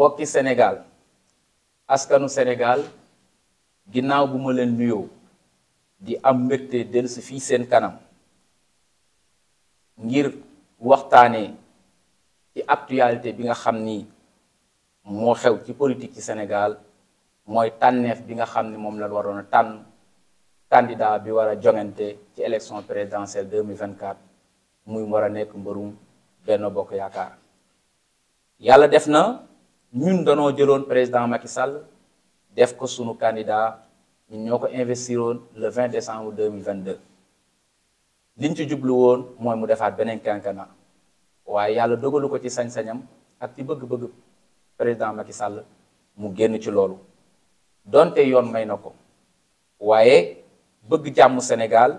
mbokki Sénégal askanu Sénégal ginnaaw bu ma leen nuyoo di am mbégte dellusi fii seen kanam ngir waxtaanee ci actualité bi nga xam ni moo xew ci politique ci Sénégal mooy tànneef bi nga xam ni moom la waroon a tànn candidat bi war a jongante ci élection présidentielle 2024 muy war a nekk mbërum benn Bokk Yaakaar yàlla def na ñun danoo jëloon président Macky Sall def ko sunu candidat ñun ñoo ko investiroon le 20 décembre deux liñ ci jublu woon mooy mu defaat beneen quinquennat waaye yàlla dogalu ko ci sañ-sañam ak ci bëgg-bëgg président Macky Sall mu génn ci loolu donte yoon may na ko waaye bëgg jàmm Sénégal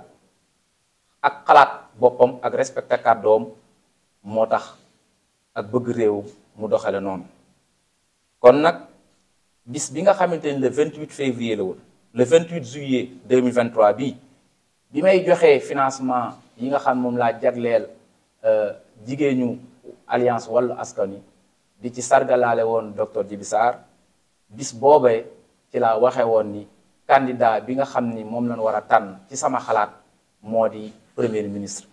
ak xalaat boppam ak respecté kàddoom moo tax ak bëgg réew mu doxale noonu kon nag bis bi nga xamante ni le 28 février la woon le 28 juillet 2023 bii bi may joxee financement yi nga xam moom laa jagleel euh, jigéenu alliance wàllu askan wi di ci sargalaale woon docteur Djibi Sarr bis boobee ci laa waxee woon ni candidat bi nga xam ni moom lañ war a tànn ci sama xalaat moo di premier ministre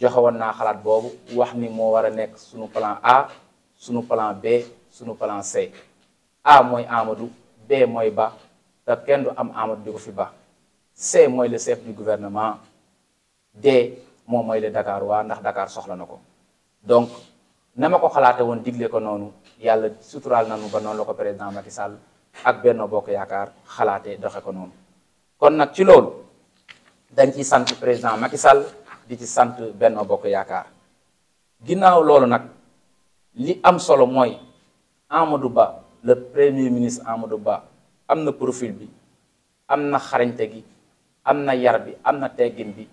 joxe woon naa xalaat boobu wax ni moo war a nekk suñu plan A sunu palan B sunu plan C A mooy Amadou B mooy Ba te kenn du am Amadou di ko fi ba C mooy le chef du gouvernement D moom mooy le Dakar waa ndax Dakar soxla na ko donc na ma ko xalaate woon digle ko noonu yàlla suturaal nañu ba noonu la ko président Macky Sall ak Benno Bokk Yaakaar xalaatee doxe ko noonu kon nag ci loolu dañ ci sant président Macky Sall di ci sant Benno Bokk Yaakaar ginnaaw loolu nag li am solo mooy Amadou Ba le premier ministre Amadou Ba am na profil bi am na xarañte gi am na yar bi am na teggin bi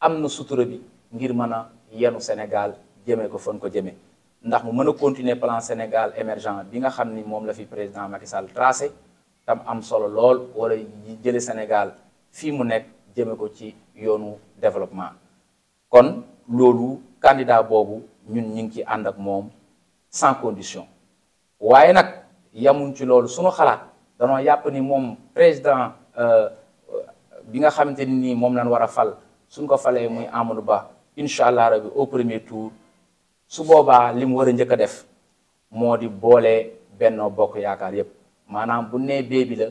am na sutura bi ngir mën a yenu Sénégal jëmee ko fan ko jëmee ndax mu mën a continuer plan Sénégal émergent bi nga xam ni moom la fi président Macky Sall tracé tam am solo lool wala jële Sénégal fii mu nekk jëme ko ci yoonu développement kon loolu candidat boobu ñun ñu ngi ci ànd ak moom sans condition waaye nag yamuñ ci loolu suñu xalaat danoo yàpp ni moom président euh, bi nga xamante ni nii moom lañ war a fal suñ ko falee muy Amadou Ba incha allah rabi au premier tour su boobaa li mu war a njëkk a def moo di boole Benno Bokk Yaakaar yépp maanaam bu nee bee bi la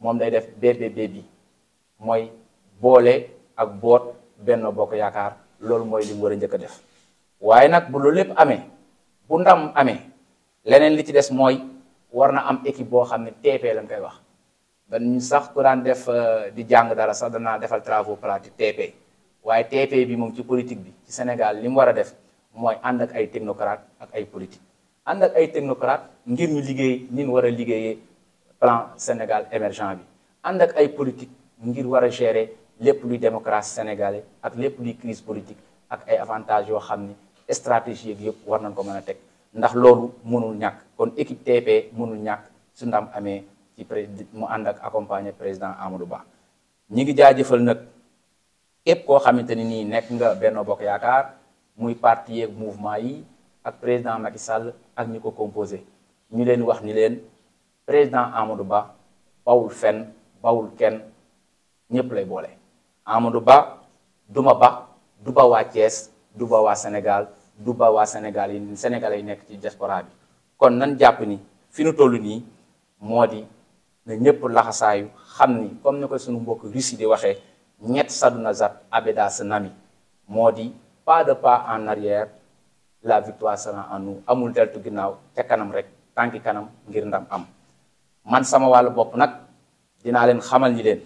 moom day def bébé bi mooy boole ak boot Benno Bokk Yaakaar loolu mooy li war a njëkk a def waaye nag bu loolu lépp amee bu ndam amee leneen li ci des mooy war na am équipe boo xam ne TP lañ koy wax dañ sax ku daan def euh, di jàng dara sax danaa defal travaux pratiques TP waaye TP bi moom ci politique bi ci Sénégal li mu war a def mooy ànd ak ay technocrate ak ay politique ànd ak ay technocrate ngir ñu liggéey ni ñu war a liggéeyee plan Sénégal émergent bi ànd ak ay politique ngir war a gérer lépp luy démocratie sénégalais ak lépp luy crise politique ak ay avantages yoo xam ni stratégie yëpp war nañ ko mën a teg ndax loolu mënul ñàkk kon équipe TP mënul ñàkk su ndam amee ci président mu ànd ak accompagner président Amadou Ba ñi ngi jaajëfal nag képp koo xamante ni nii nekk nga benn Bokk Yaakaar muy parti yeeg mouvement yi ak président Macky Sall ak ñi ko composé ñu leen wax ni leen président Amadou Ba bawul fen bawul kenn ñëpp lay boole Amadou Ba duma ba du ba waa Thiès du ba waa Sénégal du ba waa Sénégal yi Sénégalais yi nekk ci diaspora bi kon nan jàpp ni fi nu toll nii moo di ne ñëpp laxasaayu xam ni comme ni ko suñu mbokk Russie di waxee ñett saduna zat abeda sa nami moo di pas de pas en arrière la victoire sera en nous amul deltu ginnaaw te kanam rek tànki kanam ngir ndam am man sama wàllu bopp nag dinaa leen xamal ni leen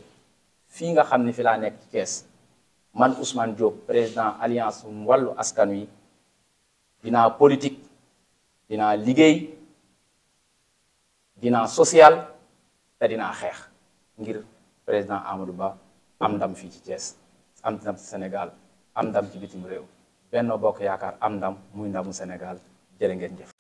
fii nga xam ni fi laa nekk ci Thiès man Ousmane Diop président alliance wallu askan wi dinaa politique dinaa liggéey dinaa social te dinaa xeex ngir président Amadou Ba am ndam fii ci Thiès am ndam ci Sénégal am ndam ci bitim réew Benno Bokk Yaakaar am ndam muy ndamu Sénégal jërë ngeen jëf